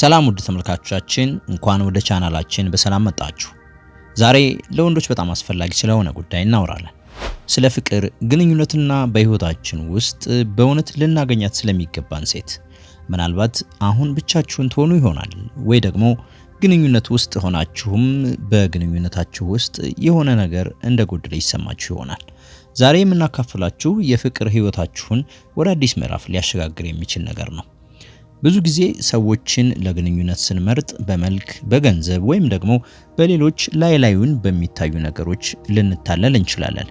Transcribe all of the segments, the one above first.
ሰላም ውድ ተመልካቾቻችን፣ እንኳን ወደ ቻናላችን በሰላም መጣችሁ። ዛሬ ለወንዶች በጣም አስፈላጊ ስለሆነ ጉዳይ እናወራለን። ስለ ፍቅር፣ ግንኙነትና በህይወታችን ውስጥ በእውነት ልናገኛት ስለሚገባን ሴት። ምናልባት አሁን ብቻችሁን ትሆኑ ይሆናል ወይ ደግሞ ግንኙነት ውስጥ ሆናችሁም በግንኙነታችሁ ውስጥ የሆነ ነገር እንደ ይሰማችሁ ይሆናል። ዛሬ የምናካፍላችሁ የፍቅር ህይወታችሁን ወደ አዲስ ምዕራፍ ሊያሸጋግር የሚችል ነገር ነው። ብዙ ጊዜ ሰዎችን ለግንኙነት ስንመርጥ በመልክ፣ በገንዘብ ወይም ደግሞ በሌሎች ላይ ላዩን በሚታዩ ነገሮች ልንታለል እንችላለን።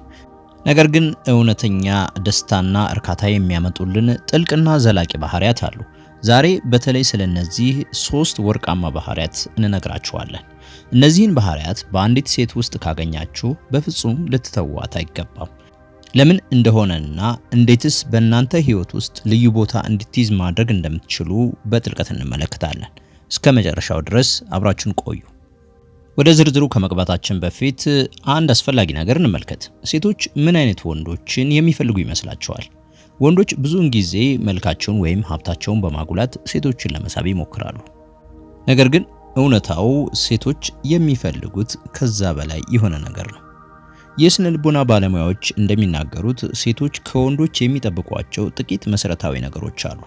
ነገር ግን እውነተኛ ደስታና እርካታ የሚያመጡልን ጥልቅና ዘላቂ ባህሪያት አሉ። ዛሬ በተለይ ስለ እነዚህ ሶስት ወርቃማ ባህሪያት እንነግራችኋለን። እነዚህን ባህሪያት በአንዲት ሴት ውስጥ ካገኛችሁ በፍጹም ልትተዋት አይገባም። ለምን እንደሆነና እንዴትስ በእናንተ ህይወት ውስጥ ልዩ ቦታ እንድትይዝ ማድረግ እንደምትችሉ በጥልቀት እንመለከታለን። እስከ መጨረሻው ድረስ አብራችሁን ቆዩ። ወደ ዝርዝሩ ከመግባታችን በፊት አንድ አስፈላጊ ነገር እንመልከት። ሴቶች ምን አይነት ወንዶችን የሚፈልጉ ይመስላችኋል? ወንዶች ብዙውን ጊዜ መልካቸውን ወይም ሀብታቸውን በማጉላት ሴቶችን ለመሳብ ይሞክራሉ። ነገር ግን እውነታው ሴቶች የሚፈልጉት ከዛ በላይ የሆነ ነገር ነው። የስነ ልቦና ባለሙያዎች እንደሚናገሩት ሴቶች ከወንዶች የሚጠብቋቸው ጥቂት መሰረታዊ ነገሮች አሉ።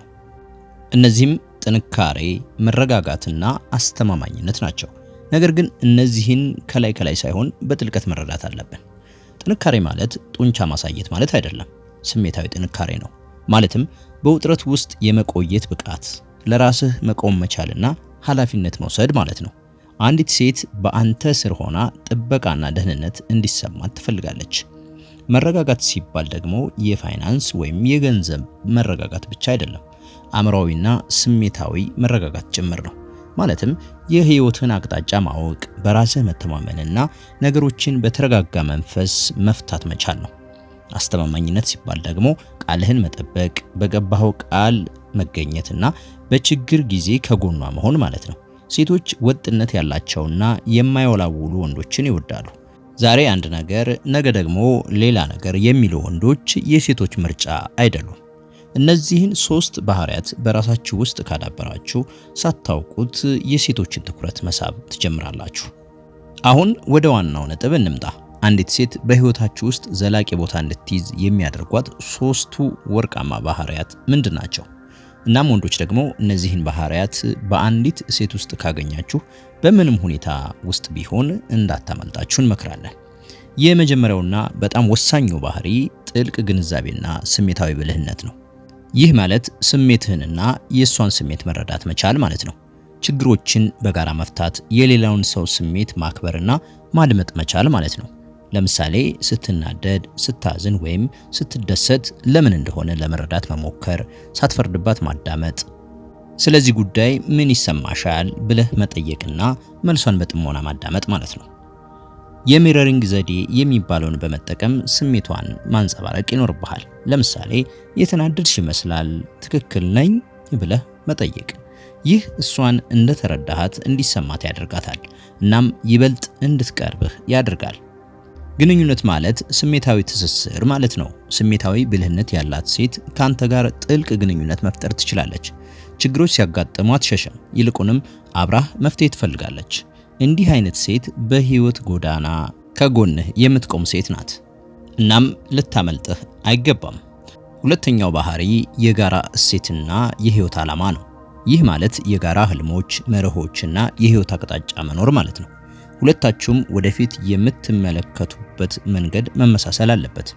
እነዚህም ጥንካሬ፣ መረጋጋትና አስተማማኝነት ናቸው። ነገር ግን እነዚህን ከላይ ከላይ ሳይሆን በጥልቀት መረዳት አለብን። ጥንካሬ ማለት ጡንቻ ማሳየት ማለት አይደለም። ስሜታዊ ጥንካሬ ነው። ማለትም በውጥረት ውስጥ የመቆየት ብቃት፣ ለራስህ መቆም መቻልና ኃላፊነት መውሰድ ማለት ነው። አንዲት ሴት በአንተ ስር ሆና ጥበቃና ደህንነት እንዲሰማት ትፈልጋለች። መረጋጋት ሲባል ደግሞ የፋይናንስ ወይም የገንዘብ መረጋጋት ብቻ አይደለም፣ አእምሯዊና ስሜታዊ መረጋጋት ጭምር ነው። ማለትም የህይወትን አቅጣጫ ማወቅ፣ በራስህ መተማመንና ነገሮችን በተረጋጋ መንፈስ መፍታት መቻል ነው። አስተማማኝነት ሲባል ደግሞ ቃልህን መጠበቅ፣ በገባኸው ቃል መገኘትና በችግር ጊዜ ከጎኗ መሆን ማለት ነው። ሴቶች ወጥነት ያላቸውና የማይወላውሉ ወንዶችን ይወዳሉ። ዛሬ አንድ ነገር ነገ ደግሞ ሌላ ነገር የሚሉ ወንዶች የሴቶች ምርጫ አይደሉም። እነዚህን ሶስት ባህሪያት በራሳችሁ ውስጥ ካዳበራችሁ ሳታውቁት የሴቶችን ትኩረት መሳብ ትጀምራላችሁ። አሁን ወደ ዋናው ነጥብ እንምጣ። አንዲት ሴት በህይወታችሁ ውስጥ ዘላቂ ቦታ እንድትይዝ የሚያደርጓት ሶስቱ ወርቃማ ባህሪያት ምንድን ናቸው? እናም ወንዶች ደግሞ እነዚህን ባህሪያት በአንዲት ሴት ውስጥ ካገኛችሁ በምንም ሁኔታ ውስጥ ቢሆን እንዳታመልጣችሁ እንመክራለን። የመጀመሪያውና በጣም ወሳኙ ባህሪ ጥልቅ ግንዛቤና ስሜታዊ ብልህነት ነው። ይህ ማለት ስሜትህንና የእሷን ስሜት መረዳት መቻል ማለት ነው። ችግሮችን በጋራ መፍታት፣ የሌላውን ሰው ስሜት ማክበርና ማድመጥ መቻል ማለት ነው። ለምሳሌ ስትናደድ፣ ስታዝን ወይም ስትደሰት ለምን እንደሆነ ለመረዳት መሞከር፣ ሳትፈርድባት ማዳመጥ ስለዚህ ጉዳይ ምን ይሰማሻል ብለህ መጠየቅና መልሷን በጥሞና ማዳመጥ ማለት ነው። የሚረሪንግ ዘዴ የሚባለውን በመጠቀም ስሜቷን ማንጸባረቅ ይኖርብሃል። ለምሳሌ የተናደድሽ ይመስላል፣ ትክክል ነኝ ብለህ መጠየቅ። ይህ እሷን እንደተረዳሃት እንዲሰማት ያደርጋታል፣ እናም ይበልጥ እንድትቀርብህ ያደርጋል። ግንኙነት ማለት ስሜታዊ ትስስር ማለት ነው። ስሜታዊ ብልህነት ያላት ሴት ካንተ ጋር ጥልቅ ግንኙነት መፍጠር ትችላለች። ችግሮች ሲያጋጥሙ አትሸሸም፣ ይልቁንም አብራህ መፍትሄ ትፈልጋለች። እንዲህ አይነት ሴት በህይወት ጎዳና ከጎንህ የምትቆም ሴት ናት። እናም ልታመልጥህ አይገባም። ሁለተኛው ባህሪ የጋራ እሴትና የህይወት ዓላማ ነው። ይህ ማለት የጋራ ህልሞች፣ መርሆችና የህይወት አቅጣጫ መኖር ማለት ነው። ሁለታችሁም ወደፊት የምትመለከቱበት መንገድ መመሳሰል አለበት።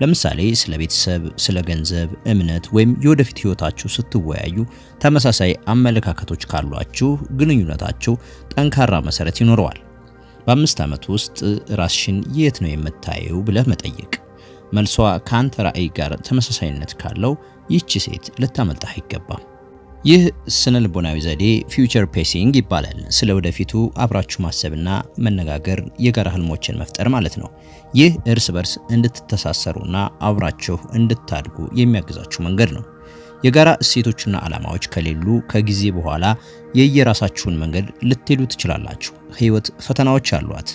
ለምሳሌ ስለ ቤተሰብ፣ ስለ ገንዘብ፣ እምነት ወይም የወደፊት ህይወታችሁ ስትወያዩ ተመሳሳይ አመለካከቶች ካሏችሁ ግንኙነታችሁ ጠንካራ መሰረት ይኖረዋል። በአምስት ዓመት ውስጥ ራስሽን የት ነው የምታየው ብለህ መጠየቅ። መልሷ ከአንተ ራዕይ ጋር ተመሳሳይነት ካለው ይቺ ሴት ልታመልጣህ አይገባም። ይህ ስነ ልቦናዊ ዘዴ ፊውቸር ፔሲንግ ይባላል። ስለ ወደፊቱ አብራችሁ ማሰብና መነጋገር፣ የጋራ ህልሞችን መፍጠር ማለት ነው። ይህ እርስ በርስ እንድትተሳሰሩና አብራችሁ እንድታድጉ የሚያግዛችሁ መንገድ ነው። የጋራ እሴቶችና ዓላማዎች ከሌሉ ከጊዜ በኋላ የየራሳችሁን መንገድ ልትሄዱ ትችላላችሁ። ህይወት ፈተናዎች አሏት።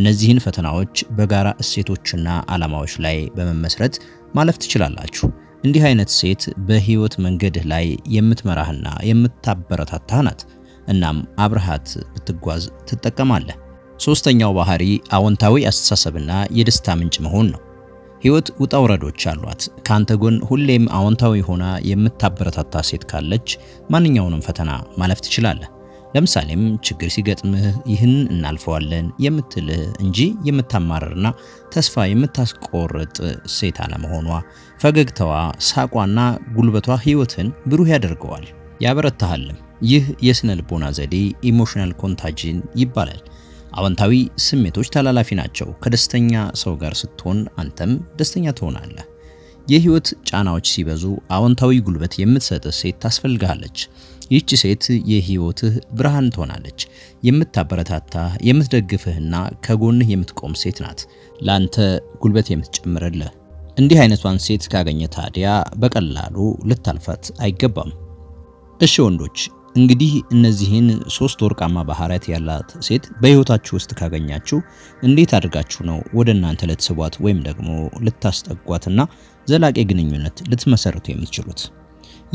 እነዚህን ፈተናዎች በጋራ እሴቶችና ዓላማዎች ላይ በመመስረት ማለፍ ትችላላችሁ። እንዲህ አይነት ሴት በህይወት መንገድህ ላይ የምትመራህና የምታበረታታህ ናት። እናም አብርሃት ብትጓዝ ትጠቀማለህ። ሶስተኛው ባህሪ አዎንታዊ አስተሳሰብና የደስታ ምንጭ መሆን ነው። ህይወት ውጣ ውረዶች አሏት። ከአንተ ጎን ሁሌም አዎንታዊ ሆና የምታበረታታ ሴት ካለች ማንኛውንም ፈተና ማለፍ ትችላለህ። ለምሳሌም ችግር ሲገጥምህ ይህን እናልፈዋለን የምትልህ እንጂ የምታማርርና ተስፋ የምታስቆርጥ ሴት አለመሆኗ፣ ፈገግታዋ፣ ሳቋና ጉልበቷ ህይወትን ብሩህ ያደርገዋል ያበረታሃልም። ይህ የስነ ልቦና ዘዴ ኢሞሽናል ኮንታጂን ይባላል። አዎንታዊ ስሜቶች ተላላፊ ናቸው። ከደስተኛ ሰው ጋር ስትሆን አንተም ደስተኛ ትሆናለህ። የህይወት ጫናዎች ሲበዙ አዎንታዊ ጉልበት የምትሰጥ ሴት ታስፈልግሃለች። ይህች ሴት የህይወትህ ብርሃን ትሆናለች። የምታበረታታ የምትደግፍህና ከጎንህ የምትቆም ሴት ናት፣ ለአንተ ጉልበት የምትጨምርልህ። እንዲህ አይነቷን ሴት ካገኘ ታዲያ በቀላሉ ልታልፋት አይገባም። እሺ ወንዶች እንግዲህ እነዚህን ሶስት ወርቃማ ባህሪያት ያላት ሴት በህይወታችሁ ውስጥ ካገኛችሁ እንዴት አድርጋችሁ ነው ወደ እናንተ ልትስቧት ወይም ደግሞ ልታስጠጓትና ዘላቂ ግንኙነት ልትመሰርቱ የምትችሉት?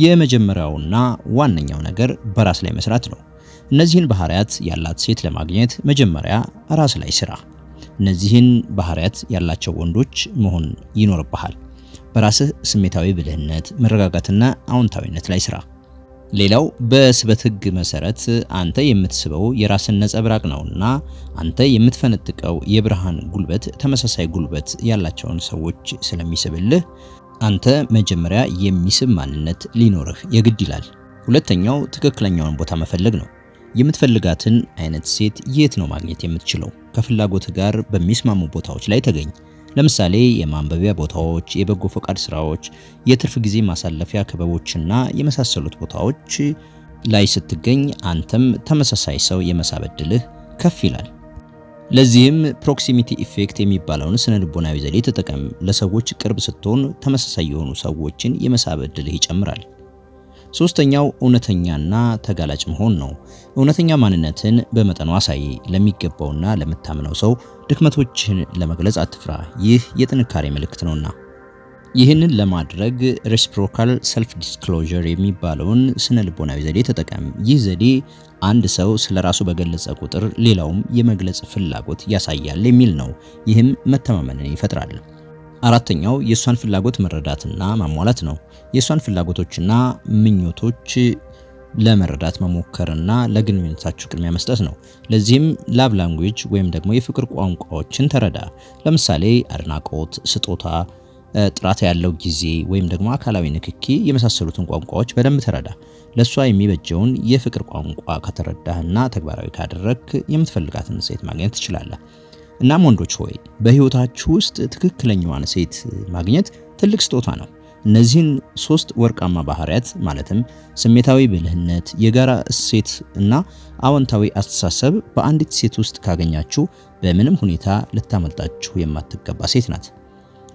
የመጀመሪያውና ዋነኛው ነገር በራስ ላይ መስራት ነው። እነዚህን ባህሪያት ያላት ሴት ለማግኘት መጀመሪያ ራስ ላይ ስራ። እነዚህን ባህሪያት ያላቸው ወንዶች መሆን ይኖርብሃል። በራስህ ስሜታዊ ብልህነት፣ መረጋጋትና አዎንታዊነት ላይ ስራ። ሌላው በስበት ህግ መሰረት አንተ የምትስበው የራስን ነጸብራቅ ነውና አንተ የምትፈነጥቀው የብርሃን ጉልበት ተመሳሳይ ጉልበት ያላቸውን ሰዎች ስለሚስብልህ አንተ መጀመሪያ የሚስብ ማንነት ሊኖርህ የግድ ይላል። ሁለተኛው ትክክለኛውን ቦታ መፈለግ ነው። የምትፈልጋትን አይነት ሴት የት ነው ማግኘት የምትችለው? ከፍላጎት ጋር በሚስማሙ ቦታዎች ላይ ተገኝ። ለምሳሌ የማንበቢያ ቦታዎች፣ የበጎ ፈቃድ ስራዎች፣ የትርፍ ጊዜ ማሳለፊያ ክበቦችና የመሳሰሉት ቦታዎች ላይ ስትገኝ አንተም ተመሳሳይ ሰው የመሳብ እድልህ ከፍ ይላል። ለዚህም ፕሮክሲሚቲ ኢፌክት የሚባለውን ስነ ልቦናዊ ዘዴ ተጠቀም። ለሰዎች ቅርብ ስትሆን ተመሳሳይ የሆኑ ሰዎችን የመሳብ እድልህ ይጨምራል። ሶስተኛው እውነተኛና ተጋላጭ መሆን ነው። እውነተኛ ማንነትን በመጠኑ አሳይ። ለሚገባውና ለምታምነው ሰው ድክመቶችን ለመግለጽ አትፍራ። ይህ የጥንካሬ ምልክት ነውና። ይህንን ለማድረግ ሬሲፕሮካል ሰልፍ ዲስክሎዥር የሚባለውን ስነ ልቦናዊ ዘዴ ተጠቀም። ይህ ዘዴ አንድ ሰው ስለ ራሱ በገለጸ ቁጥር ሌላውም የመግለጽ ፍላጎት ያሳያል የሚል ነው። ይህም መተማመንን ይፈጥራል። አራተኛው የእሷን ፍላጎት መረዳትና ማሟላት ነው። የእሷን ፍላጎቶችና ምኞቶች ለመረዳት መሞከርና ለግንኙነታችሁ ቅድሚያ መስጠት ነው። ለዚህም ላቭ ላንጉጅ ወይም ደግሞ የፍቅር ቋንቋዎችን ተረዳ። ለምሳሌ አድናቆት፣ ስጦታ፣ ጥራት ያለው ጊዜ ወይም ደግሞ አካላዊ ንክኪ የመሳሰሉትን ቋንቋዎች በደንብ ተረዳ። ለእሷ የሚበጀውን የፍቅር ቋንቋ ከተረዳህና ተግባራዊ ካደረግክ የምትፈልጋትን ሴት ማግኘት ትችላለህ። እናም ወንዶች ሆይ በህይወታችሁ ውስጥ ትክክለኛዋን ሴት ማግኘት ትልቅ ስጦታ ነው። እነዚህን ሶስት ወርቃማ ባህሪያት ማለትም ስሜታዊ ብልህነት፣ የጋራ እሴት እና አዎንታዊ አስተሳሰብ በአንዲት ሴት ውስጥ ካገኛችሁ በምንም ሁኔታ ልታመልጣችሁ የማትገባ ሴት ናት።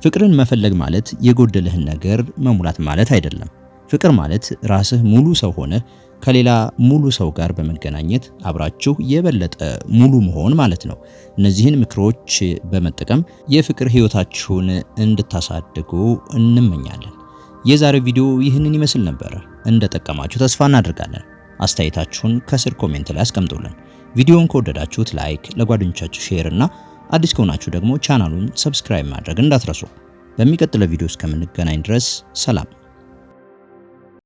ፍቅርን መፈለግ ማለት የጎደለህን ነገር መሙላት ማለት አይደለም። ፍቅር ማለት ራስህ ሙሉ ሰው ሆነህ ከሌላ ሙሉ ሰው ጋር በመገናኘት አብራችሁ የበለጠ ሙሉ መሆን ማለት ነው። እነዚህን ምክሮች በመጠቀም የፍቅር ህይወታችሁን እንድታሳድጉ እንመኛለን። የዛሬው ቪዲዮ ይህንን ይመስል ነበር። እንደጠቀማችሁ ተስፋ እናደርጋለን። አስተያየታችሁን ከስር ኮሜንት ላይ አስቀምጡልን። ቪዲዮውን ከወደዳችሁት ላይክ፣ ለጓደኞቻችሁ ሼር እና አዲስ ከሆናችሁ ደግሞ ቻናሉን ሰብስክራይብ ማድረግ እንዳትረሱ። በሚቀጥለው ቪዲዮ እስከምንገናኝ ድረስ ሰላም።